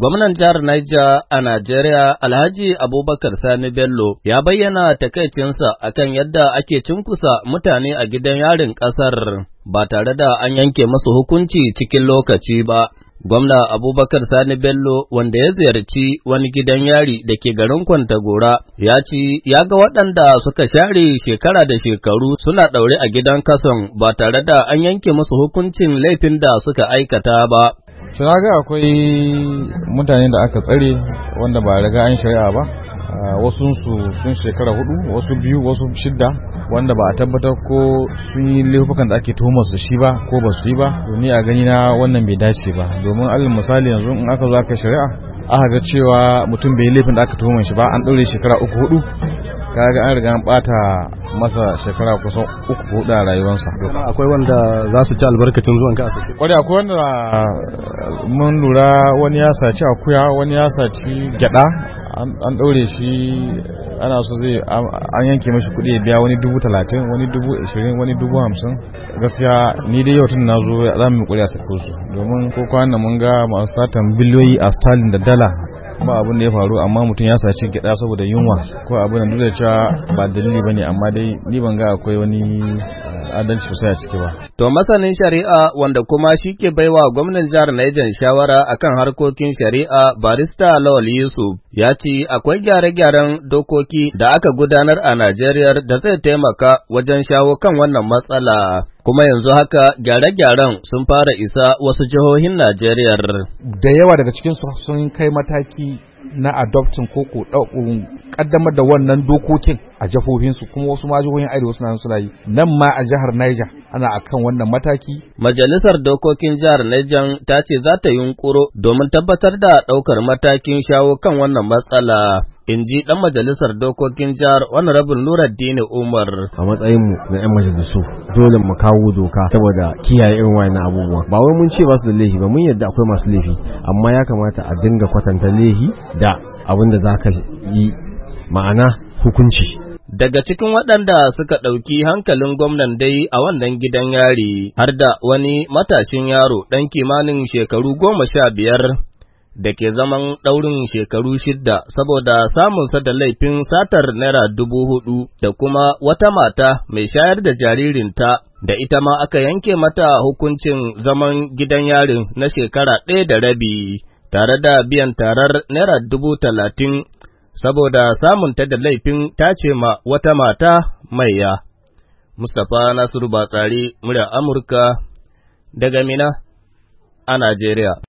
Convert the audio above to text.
Gwamnan jihar Niger a Najeriya Alhaji Abubakar Sani Bello ya bayyana takaicinsa akan yadda ake cinkusa mutane a gidan yarin ƙasar ba tare da an yanke masu hukunci cikin lokaci ba. Gwamna Abubakar Sani Bello wanda ya ziyarci wani gidan yari da ke garin Kwantagora ya ci ya ga waɗanda suka share shekara da shekaru suna ɗaure a gidan kason ba tare da an yanke musu hukuncin laifin da suka aikata ba. to ga akwai mutane da aka tsare wanda ba riga an shari'a ba ah, wasu sun shekara hudu wasu biyu wasu shidda wanda ba a tabbatar ko sun yi laifukan da ake tuhumar su shi ba ko ba su yi ba ni a gani na wannan bai dace ba domin alin misali yanzu in aka zaka shari'a aka ga cewa mutum bai yi laifin da aka tuhumar shi ba an ɗaure shekara uku hudu kaga an riga an bata masa shekara kusan uku hudu a rayuwarsa akwai wanda za su ci albarkacin zuwan ka asibiti Kwari akwai wanda uh, mun lura wani ya saci akuya wani ya saci gyada an ɗaure shi ana so zai an yanke mashi kuɗi ya biya wani dubu talatin wani dubu ashirin wani dubu hamsin gaskiya ni dai yau tun na zo za mu yi a su domin ko kwanan mun ga masu satan biliyoyi a stalin da dala ba abin da ya faru amma mutum ya saci gida saboda yunwa ko abin da duk da cewa ba dalili bane amma dai ni ban ga akwai wani adalci sai a ciki ba. To masanin shari'a wanda kuma shi ke baiwa gwamnan jihar Niger shawara akan harkokin shari'a barista Lawal Yusuf ya ce akwai gyare-gyaren dokoki da aka gudanar a Najeriya da zai taimaka wajen shawo kan wannan matsala. Kuma yanzu haka gyare-gyaren sun fara isa wasu jihohin Najeriya. Da yawa daga cikinsu sun kai mataki na adoptin koko ƙaddamar da wannan dokokin a su kuma wasu ma jihohin arewa nan suna yi nan ma a jihar Niger ana akan wannan mataki. Majalisar dokokin jihar Niger ta ce za ta yunkuro domin tabbatar da ɗaukar matakin shawo kan wannan matsala. in ji dan majalisar dokokin jihar honorable Nuruddin Umar. A matsayin mu na 'yan majalisu dole mu kawo doka saboda kiyaye irin wayannan abubuwa. Ba wai mun ce ba su da laifi ba mun yadda akwai masu laifi amma ya kamata a dinga kwatanta laifi da abin da za yi ma'ana hukunci. Daga cikin waɗanda suka ɗauki hankalin gwamnan dai a wannan gidan yari har da wani matashin yaro ɗan kimanin shekaru goma sha biyar da ke zaman ɗaurin shekaru shidda saboda samunsa da laifin satar naira dubu hudu da kuma wata mata mai shayar da jaririnta da ita ma aka yanke mata hukuncin zaman gidan yarin na shekara ɗaya da rabi tare da biyan tarar naira dubu talatin saboda samun ta da laifin tace ma wata mata maiya. Mustapha Nasiru Batsari, murya Amurka, daga Mina a Najeriya.